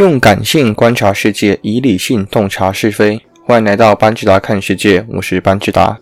用感性觀察世界，以理性洞察是非。歡迎來到班智達看世界，我是班智達。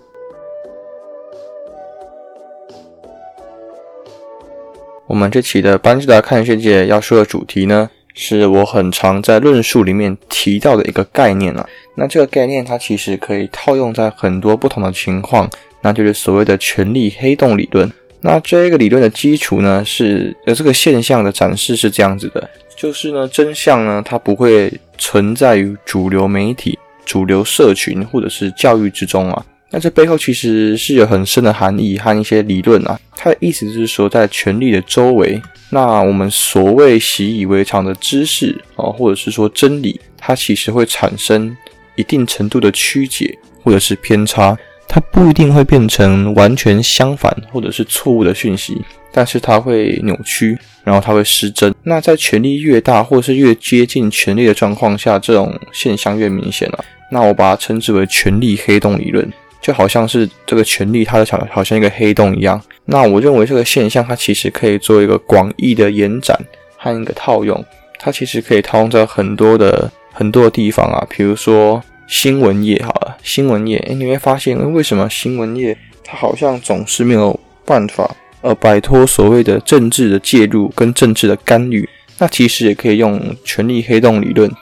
我們這期的班智達看世界要說的主題呢，是我很常在論述裡面提到的一個概念啊，那這個概念它其實可以套用在很多不同的情況，那就是所謂的“權力黑洞”理論。那這個理論的基礎呢，是呃這個現象的展示是這樣子的。就是呢，真相呢，它不會存在於主流媒體、主流社群或者是教育之中啊。那這背後其實是有很深的含義和一些理論啊。它的意思就是說，在權力的周圍，那我們所謂習以為常的知識啊、哦，或者是說真理，它其實會產生一定程度的曲解或者是偏差，它不一定會變成完全相反或者是錯誤的訊息。但是它會扭曲，然後它會失真。那在權力越大，或是越接近權力的狀況下，這種現象越明顯了、啊。那我把它稱之為“權力黑洞理論”，就好像是這個權力它就，它的像好像一個黑洞一樣。那我認為這個現象，它其實可以做一個廣義的延展和一個套用，它其實可以套用在很多的很多的地方啊。比如說新聞業，好了，新聞業，哎，你會發現，為什麼新聞業它好像總是沒有辦法？呃，擺脫所謂的政治的介入跟政治的干預，那其實也可以用權力黑洞理論。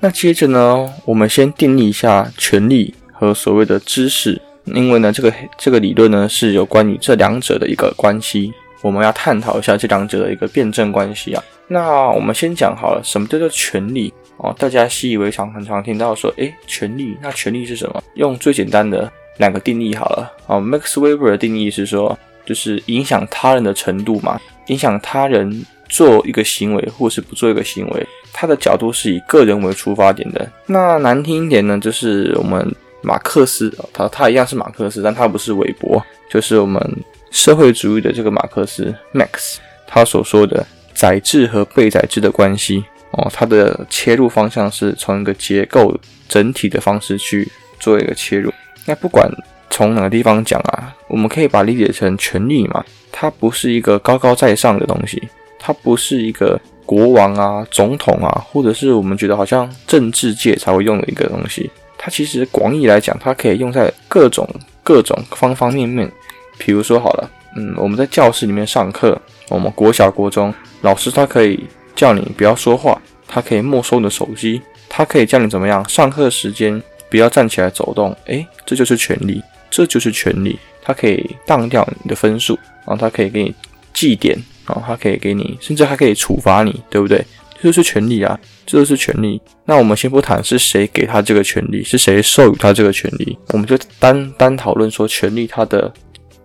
那接着呢，我們先定義一下權力和所謂的知識，因為呢，這個這個理論呢，是有關於這兩者的一個關係，我們要探討一下這兩者的一個辯證關係啊。那我們先講好了，什麼叫做權力？哦，大家習以為常，很常聽到說，哎、欸，權力，那權力是什麼？用最簡單的兩個定義好了。哦，Max Weber 的定義是說，就是影響他人的程度嘛，影響他人做一個行為或是不做一個行為，他的角度是以個人為出發點的。那難聽一點呢，就是我們馬克思，他、哦、他一樣是馬克思，但他不是韋伯，就是我們社會主義的這個馬克思 Max，他所說的宰制和被宰制的關係。哦，它的切入方向是從一個結構整體的方式去做一個切入。那不管從哪個地方講啊，我們可以把它理解成權力嘛，它不是一個高高在上的東西，它不是一個國王啊、總統啊，或者是我們覺得好像政治界才會用的一個東西。它其實廣義來講，它可以用在各種各種方方面面。比如說好了，嗯，我們在教室裡面上課，我們國小、國中老師他可以。叫你不要說話，他可以沒收你的手機，他可以叫你怎麼樣？上課時間不要站起來走動，誒、欸，這就是權力，這就是權力。他可以當掉你的分數，然後他可以給你績點，然後他可以給你，甚至還可以處罰你，對不對？這就是權力啊，這就是權力。那我們先不談是誰給他這個權力，是誰授予他這個權力，我們就單單討論說權力它的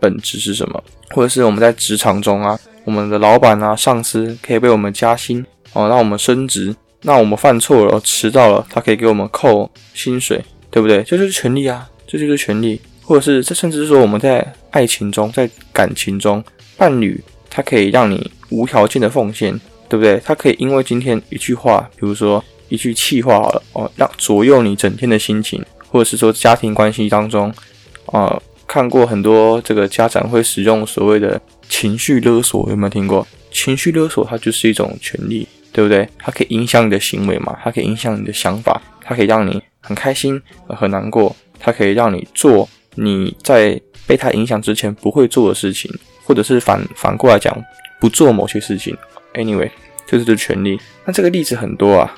本質是什麼，或者是我們在職場中啊。我們的老闆啊，上司可以為我們加薪哦，讓我們升職。那我們犯錯了，遲到了，他可以給我們扣薪水，對不對？這就是權力啊，這就是權力。或者是這，甚至是說我們在愛情中，在感情中，伴侶他可以讓你無條件的奉獻，對不對？他可以因為今天一句話，比如說一句氣話好了哦，讓左右你整天的心情，或者是說家庭關係當中，啊、呃，看過很多這個家長會使用所謂的。情緒勒索有沒有聽過？情緒勒索它就是一種權力，對不對？它可以影響你的行為嘛，它可以影響你的想法，它可以讓你很開心很難過，它可以讓你做你在被它影響之前不會做的事情，或者是反反過來講，不做某些事情。Anyway，就是這權力。那這個例子很多啊，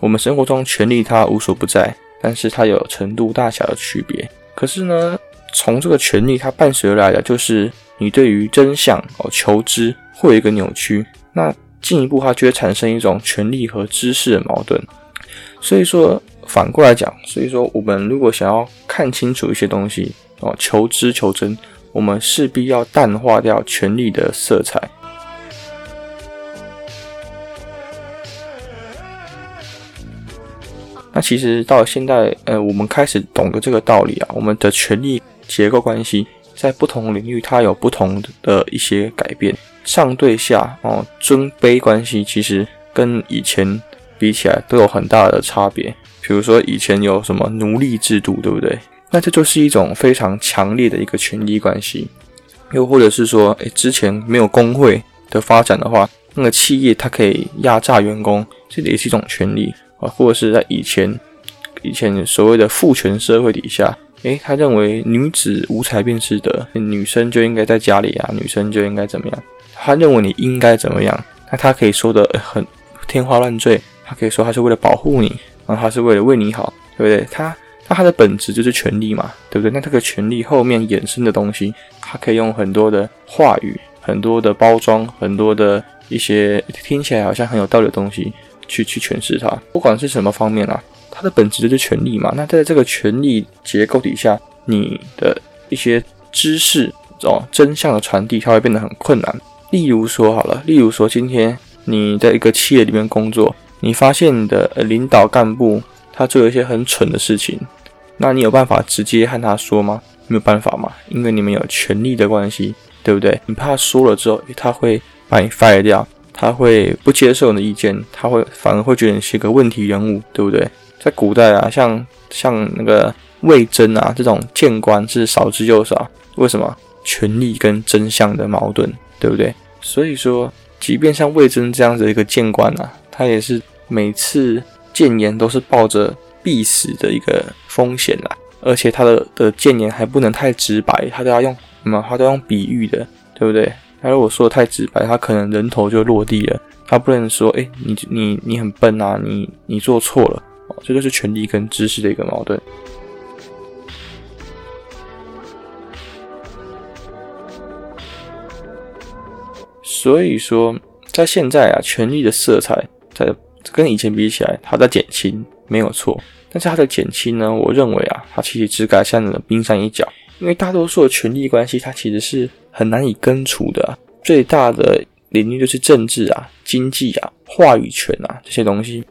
我們生活中權力它無所不在，但是它有程度大小的區別。可是呢，從這個權力它伴隨而來的就是。你對於真相哦求知會有一個扭曲，那進一步它就會產生一種權力和知識的矛盾。所以說反過來講，所以說我們如果想要看清楚一些東西哦求知求真，我們勢必要淡化掉權力的色彩。那其實到了現在呃我們開始懂得這個道理啊，我們的權力結構關係在不同領域，它有不同的、呃、一些改變。上對下，哦，尊卑關係其實跟以前比起來都有很大的差別。比如說以前有什麼奴隸制度，對不對？那這就是一種非常強烈的一個權力關係。又或者是說，哎、欸，之前沒有工會的發展的話，那個企業它可以壓榨員工，這也是一種權力。啊、哦。或者是在以前，以前所謂的父權社會底下。誒，他認為女子無才便是德，女生就應該在家裡啊，女生就應該怎麼樣？他認為你應該怎麼樣？那他可以說得很天花亂墜，他可以說他是為了保護你，然後他是為了為你好，對不對？他那他的本質就是權力嘛，對不對？那這個權力後面衍生的東西，他可以用很多的話語、很多的包裝、很多的一些聽起來好像很有道理的東西去去詮釋它，不管是什麼方面啊。它的本質就是權力嘛。那在這個權力結構底下，你的一些知識哦、真相的傳遞，它會變得很困難。例如說，好了，例如說，今天你在一個企業裡面工作，你發現你的領導幹部他做了一些很蠢的事情，那你有辦法直接和他說嗎？沒有辦法嘛，因為你們有權力的關係，對不對？你怕說了之後，他會把你 fire 掉，他會不接受你的意見，他會反而會覺得你是一個問題人物，對不對？在古代啊，像像那個魏徵啊，這種諫官是少之又少。為什麼？權力跟真相的矛盾，對不對？所以說，即便像魏徵這樣子的一個諫官啊，他也是每次諫言都是抱着必死的一個風險啦、啊。而且他的的諫、呃、言還不能太直白，他都要用什麼？他、嗯、都要用比喻的，對不對？他如果說的太直白，他可能人頭就落地了。他不能說：“哎、欸，你你你很笨啊，你你做錯了。”這就是權力跟知識的一個矛盾。所以說，在現在啊，權力的色彩在跟以前比起來，它在減輕，沒有錯。但是它的減輕呢，我認為啊，它其實只改善了冰山一角，因為大多數的權力關係，它其實是很難以根除的。最大的領域就是政治啊、經濟啊、話語權啊這些東西。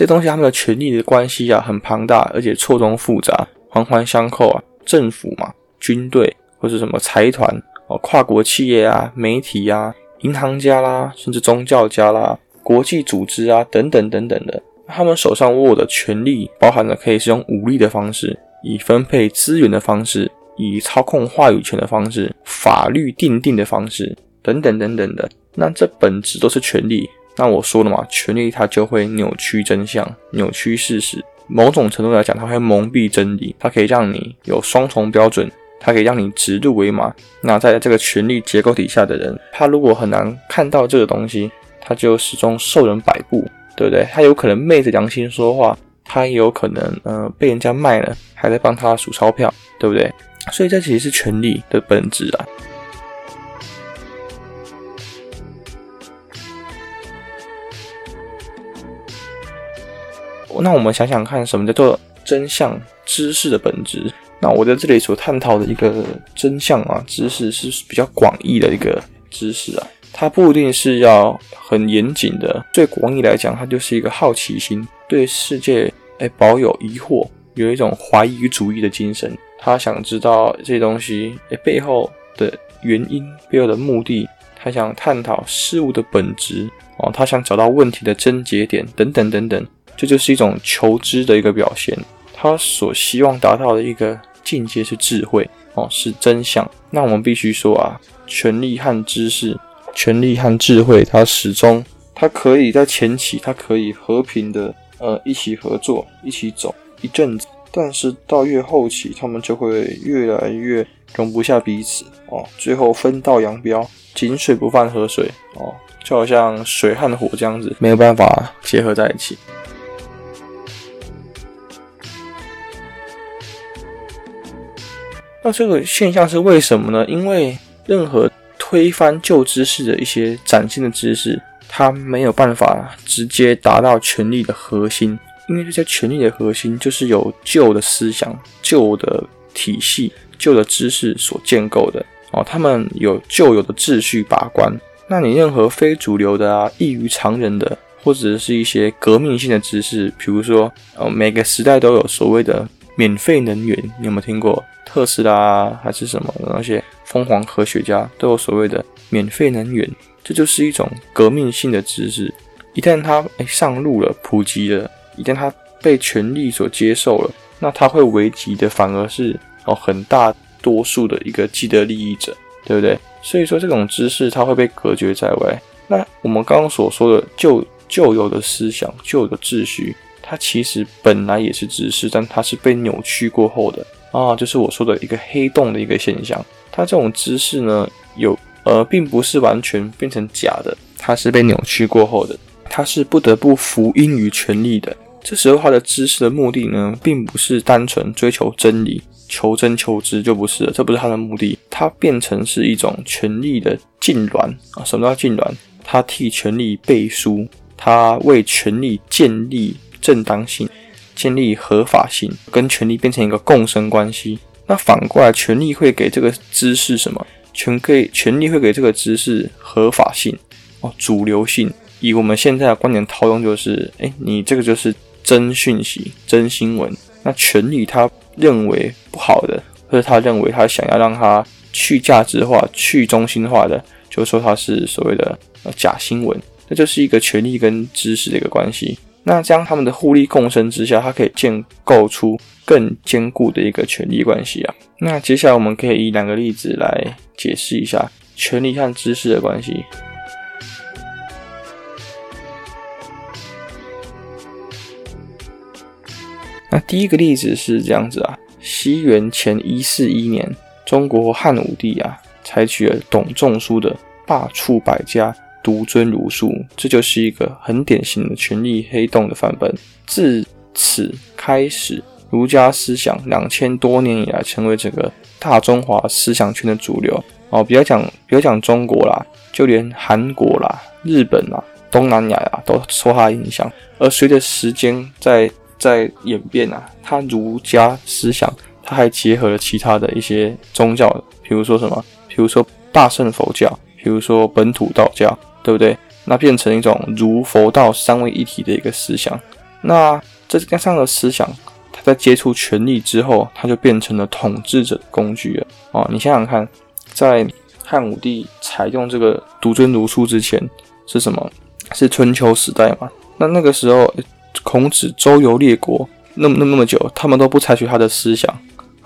這東西他們的權力的關係啊，很龐大，而且錯綜複雜，環環相扣啊。政府嘛，軍隊或者什麼財團哦，跨國企業啊，媒體啊，銀行家啦，甚至宗教家啦，國際組織啊，等等等等的，他們手上握的權力，包含了可以是用武力的方式，以分配資源的方式，以操控話語權的方式，法律定定的方式，等等等等的。那這本質都是權力。那我說了嘛，權力它就會扭曲真相，扭曲事實。某種程度來講，它會蒙蔽真理。它可以讓你有雙重標準，它可以讓你指鹿為馬。那在這個權力結構底下的人，他如果很難看到這個東西，他就始終受人擺布，對不對？他有可能昧着良心說話，他也有可能嗯，呃，被人家賣了，還在幫他數鈔票，對不對？所以這其實是權力的本質啊。那我們想想看，什麼叫做真相？知識的本質？那我在這裡所探討的一個真相啊，知識是比較廣義的一個知識啊，它不一定是要很嚴謹的。最廣義來講，它就是一個好奇心，對世界哎保有疑惑，有一種懷疑主義的精神。他想知道這些東西，哎，背後的原因，背後的目的。他想探討事物的本質哦，他想找到問題的症結點，等等等等。這就是一種求知的一個表現，他所希望達到的一個境界是智慧哦，是真相。那我們必須說啊，權力和知識，權力和智慧，它始終，它可以在前期，它可以和平的呃一起合作，一起走一陣子。但是到越後期，他們就會越來越容不下彼此哦，最後分道揚鑣，井水不犯河水哦，就好像水和火這樣子，沒有辦法結合在一起。那這個現象是為什麼呢？因為任何推翻舊知識的一些嶄新的知識，它沒有辦法直接達到權力的核心，因為這些權力的核心就是由舊的思想、舊的體系、舊的知識所建構的哦。他們有舊有的秩序把關，那你任何非主流的啊、異於常人的，或者是一些革命性的知識，比如說哦，每個時代都有所謂的免費能源，你有沒有聽過？特斯拉、啊、還是什麼的那些瘋狂科學家都有所謂的免費能源，這就是一種革命性的知識。一旦它哎、欸、上路了、普及了，一旦它被權力所接受了，那他會危及的反而是哦很大多數的一個既得利益者，對不對？所以說這種知識它會被隔絕在外。那我們剛剛所說的舊舊有的思想、舊有的秩序，它其實本來也是知識，但它是被扭曲過後的。啊，就是我說的一個黑洞的一個現象，它這種知識呢，有呃，並不是完全變成假的，它是被扭曲過後的，它是不得不服膺於權力的。這時候它的知識的目的呢，並不是單純追求真理、求真求知，就不是了，這不是它的目的，它變成是一種權力的禁臠啊，什麼叫禁臠？它替權力背書，它為權力建立正當性。建立合法性跟權力變成一個共生關係。那反過來，權力會給這個知識什麼？權給權力會給這個知識合法性哦，主流性。以我們現在的觀點套用就是，哎、欸，你這個就是真訊息、真新聞。那權力他認為不好的，或者他認為他想要讓他去價值化、去中心化的，就說他是所謂的假新聞。這就是一個權力跟知識的一個關係。那將他們的互利共生之下，它可以建構出更堅固的一個權力關係啊。那接下來，我們可以以兩個例子來解釋一下權力和知識的關係。那第一個例子是這樣子啊，西元前一四一年，中國漢武帝啊，採取了董仲舒的罷黜百家。獨尊儒術，這就是一個很典型的權力黑洞的範本。自此開始，儒家思想兩千多年以來成為整個大中華思想圈的主流哦。不要講，不要講中國啦，就連韓國啦、日本啦、東南亞啦，都受它影響。而隨着時間在在演變啊，它儒家思想它還結合了其他的一些宗教，比如說什麼，比如說大乘佛教，比如說本土道教。對不對？那變成一種儒佛道三位一體的一個思想。那這這樣的思想，它在接觸權力之後，它就變成了統治者工具了。哦，你想想看，在漢武帝採用這個獨尊儒術之前，是什麼？是春秋時代嘛。那那個時候，孔子周遊列國，那麼那麼那麼久，他們都不採取他的思想，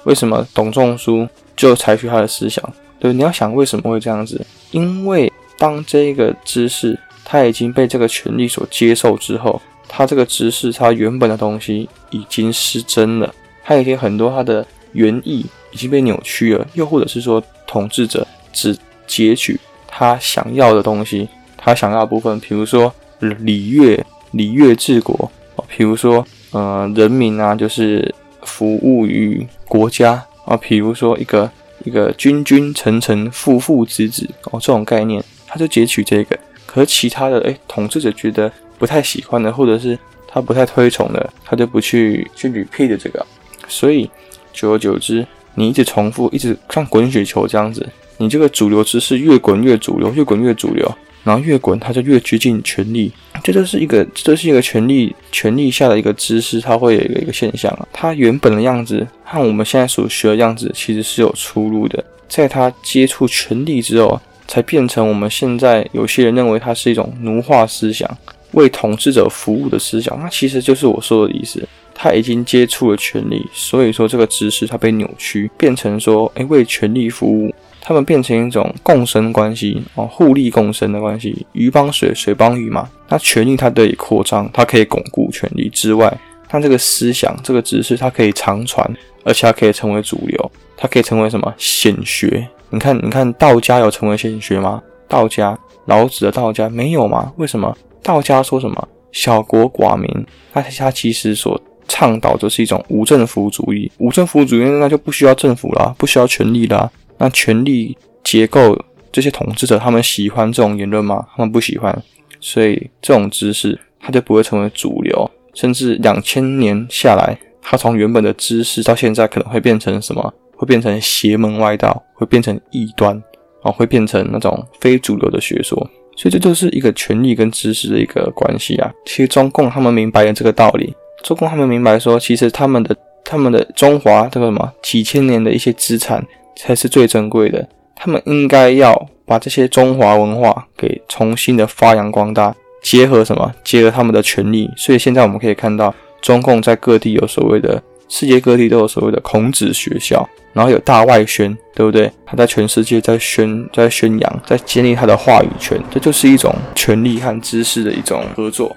為什麼？董仲舒就採取他的思想。對，你要想為什麼會這樣子，因為。當這個知識，他已經被這個權力所接受之後，他這個知識，他原本的東西已經失真了。他已經很多他的原意已經被扭曲了，又或者是說，統治者只截取他想要的東西，他想要的部分，比如說禮樂，禮樂治國，哦、比如說，呃，人民啊，就是服務於國家啊、哦，比如說一個一個君君臣臣父父子子哦，這種概念。他就截取這個，可其他的，哎、欸，統治者覺得不太喜歡的，或者是他不太推崇的，他就不去去 repeat 這個。所以，久而久之，你一直重複，一直像滾雪球這樣子，你這個主流知識越滾越主流，越滾越主流，然後越滾它就越接近權力。這就是一個，這就是一個權力權力下的一個知識，它會有一個，一個現象啊，它原本的樣子和我們現在所學的樣子其實是有出入的。在它接觸權力之後。才變成我們現在有些人認為它是一種奴化思想，為統治者服務的思想。那其實就是我說的意思，它已經接觸了權力，所以說這個知識它被扭曲，變成說哎、欸、為權力服務，他們變成一種共生關係、哦、互利共生的關係，魚幫水，水幫魚嘛。那權力它得以擴張，它可以鞏固權力之外，它這個思想這個知識它可以長傳，而且它可以成為主流，它可以成為什麼？顯學。你看，你看，道家有成為顯學嗎？道家，老子的道家沒有嗎？為什麼？道家說什麼“小國寡民”，那他他其實所倡導的是一種無政府主義。無政府主義，那就不需要政府了，不需要權力了。那權力結構，這些統治者他們喜歡這種言論嗎？他們不喜歡，所以這種知識他就不會成為主流。甚至兩千年下來，它從原本的知識到現在可能會變成什麼？會變成邪門歪道，會變成異端，啊、哦，會變成那種非主流的學說，所以這就是一個權力跟知識的一個關係啊。其實中共他們明白了這個道理，中共他們明白說，其實他們的他們的中華這個什麼幾千年的一些資產才是最珍貴的，他們應該要把這些中華文化給重新的發揚光大，結合什麼？結合他們的權力，所以現在我們可以看到，中共在各地有所謂的。世界各地都有所謂的孔子學校，然後有大外宣，對不對？他在全世界在宣在宣揚，在建立他的話語權，這就是一種權力和知識的一種合作。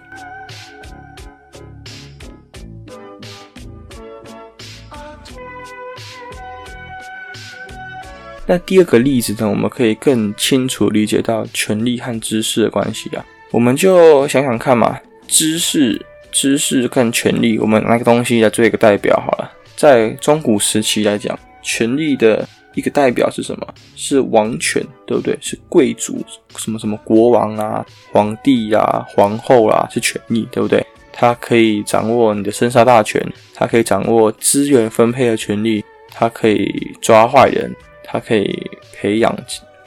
那第二個例子呢，我們可以更清楚理解到權力和知識的關係啊，我們就想想看嘛，知識。知識跟權力，我們拿個東西來做一個代表好了。在中古時期來講，權力的一個代表是什麼？是王權，對不對？是貴族，什麼什麼國王啊、皇帝啊、皇後啊，是權力，對不對？他可以掌握你的生殺大權，他可以掌握資源分配的權力，他可以抓壞人，他可以培養、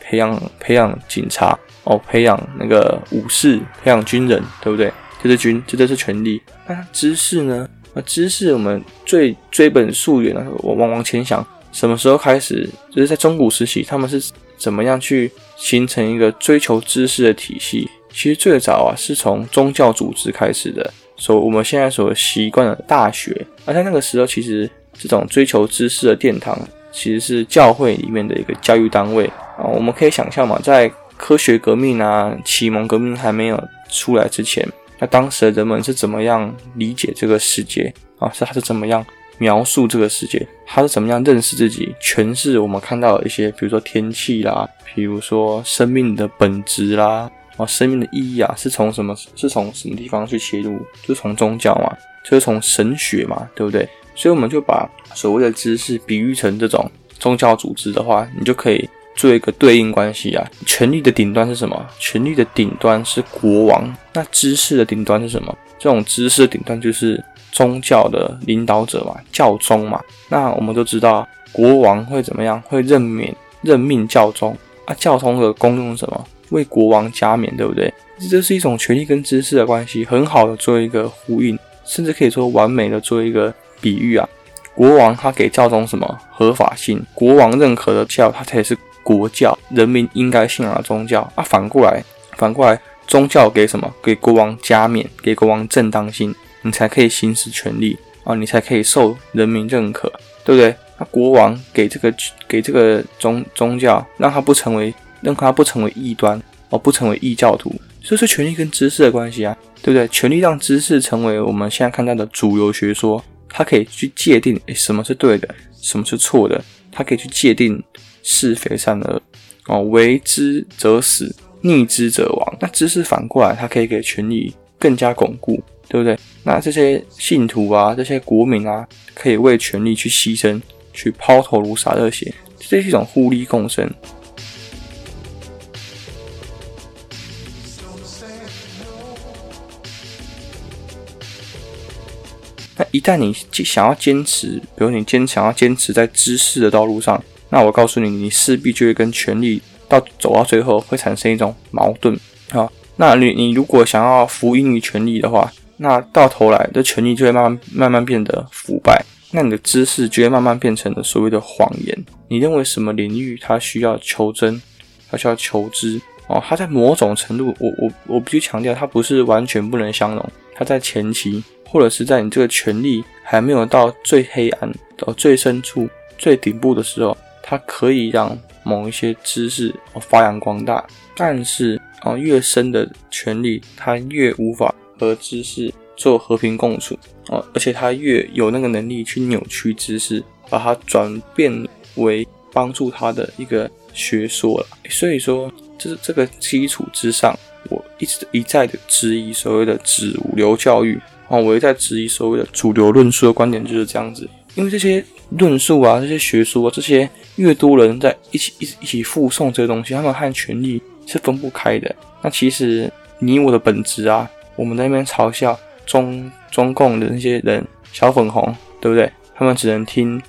培養、培養警察，哦，培養那個武士，培養軍人，對不對？這就是軍，這就是權力。那、啊、知識呢？那、啊、知識，我們最追本溯源的時候，我往往前想，什麼時候開始？就是在中古時期，他們是怎麼樣去形成一個追求知識的體系？其實最早啊，是從宗教組織開始的。所以我們現在所習慣的大學，而、啊、在那個時候，其實這種追求知識的殿堂，其實是教會裡面的一個教育單位啊。我們可以想象嘛，在科學革命啊、啟蒙革命還沒有出來之前。那當時的人們是怎麼樣理解這個世界啊？是他是怎麼樣描述這個世界？他是怎麼樣認識自己？詮釋我們看到的一些，比如說天氣啦，比如說生命的本質啦，啊，生命的意義啊，是從什麼？是從什麼地方去切入？就是從宗教嘛，就是從神學嘛，對不對？所以我們就把所謂的知識比喻成這種宗教組織的話，你就可以。做一個對應關係啊，權力的頂端是什麼？權力的頂端是國王。那知識的頂端是什麼？這種知識的頂端就是宗教的領導者嘛，教宗嘛。那我們都知道，國王會怎麼樣？會任免任命教宗啊。教宗的功用是什麼？為國王加冕，對不對？這是一種權力跟知識的關係，很好的做一個呼應，甚至可以說完美的做一個比喻啊。國王他給教宗什麼？合法性。國王認可的教，他才是。國教，人民應該信仰的宗教啊。反過來，反過來，宗教給什麼？給國王加冕，給國王正當性，你才可以行使權力啊，你才可以受人民認可，對不對？那、啊、國王給這個，給這個宗宗教，讓他不成為讓他不成為異端哦，不成為異教徒，這是權力跟知識的關係啊，對不對？權力讓知識成為我們現在看到的主流學說，它可以去界定誒、欸、什麼是對的，什麼是錯的，它可以去界定。是非善惡，哦，為之者死，逆之者亡。那知識反過來，它可以給權力更加鞏固，對不對？那這些信徒啊，這些國民啊，可以為權力去犧牲，去拋頭顱、灑熱血，這是一種互利共生。嗯、那一旦你想要堅持，比如你堅想要堅持在知識的道路上。那我告訴你，你勢必就會跟權力到走到最後會產生一種矛盾啊。那你你如果想要服務於權力的話，那到頭來的權力就會慢慢慢慢變得腐敗，那你的知識就會慢慢變成了所謂的謊言。你認為什麼領域它需要求真，它需要求知哦，它在某種程度，我我我必須強調，它不是完全不能相容。它在前期或者是在你這個權力還沒有到最黑暗、到最深處、最頂部的時候。它可以讓某一些知識發揚光大，但是啊、哦，越深的權力，它越無法和知識做和平共處啊、哦，而且它越有那個能力去扭曲知識，把它轉變為幫助他的一個學說了。所以說，這、就是這個基礎之上，我一直一再的質疑所謂的主流教育啊、哦，我一再質疑所謂的主流論述的觀點就是這樣子，因為這些論述啊，這些學說啊，這些。越多人在一起一起一起附送這個東西，他們和權力是分不開的。那其實你我的本質啊，我們在那邊嘲笑中中共的那些人小粉紅，對不對？他們只能聽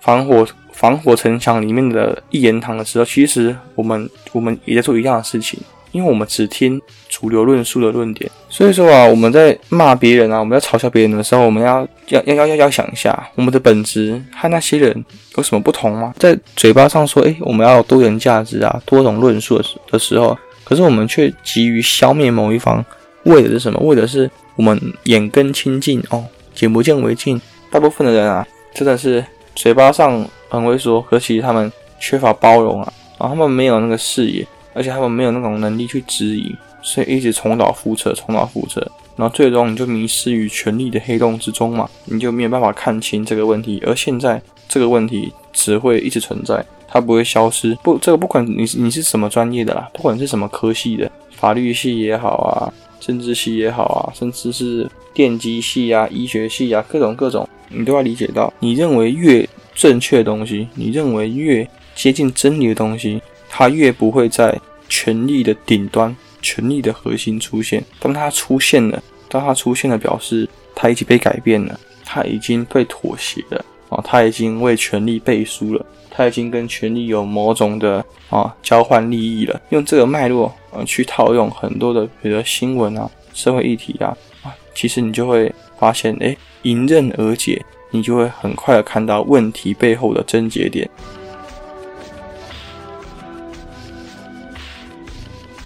防火防火城牆裡面的一言堂的時候，其實我們我們也在做一樣的事情。因為我們只聽主流論述的論點，所以說啊，我們在罵別人啊，我們在嘲笑別人的時候，我們要要要要要想一下，我們的本質和那些人有什麼不同嗎？在嘴巴上說，哎，我們要多元價值啊，多種論述的時的時候，可是我們卻急於消滅某一方，為的是什麼？為的是我們眼根清淨哦，眼不見為淨。大部分的人啊，真的是嘴巴上很會說，可惜他們缺乏包容啊，然後他們沒有那個視野。而且他們沒有那種能力去質疑，所以一直重蹈覆轍，重蹈覆轍，然後最終你就迷失於權力的黑洞之中嘛，你就沒有辦法看清這個問題。而現在這個問題只會一直存在，它不會消失。不，這個不管你你是什麼專業的啦，不管是什麼科系的，法律系也好啊，政治系也好啊，甚至是電機系啊、醫學系啊，各種各種，你都要理解到，你認為越正確的東西，你認為越接近真理的東西。他越不會在權力的頂端、權力的核心出現。當他出現了，當他出現了，表示他已經被改變了，他已經被妥協了，啊，他已經為權力背書了，他已經跟權力有某種的啊交換利益了。用這個脈絡啊去套用很多的，比如說新聞啊、社會議題啊，啊，其實你就會發現，誒、欸、迎刃而解，你就會很快地看到問題背後的癥結點。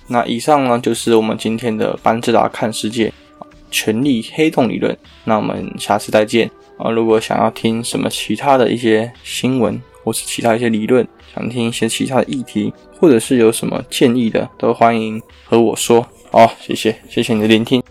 那以上呢，就是我們今天的班智達看世界，權力黑洞理論。那我們下次再見啊！如果想要聽什麼其他的一些新聞，或是其他一些理論，想聽一些其他的議題，或者是有什麼建議的，都歡迎和我說。好，謝謝，謝謝你的聆聽。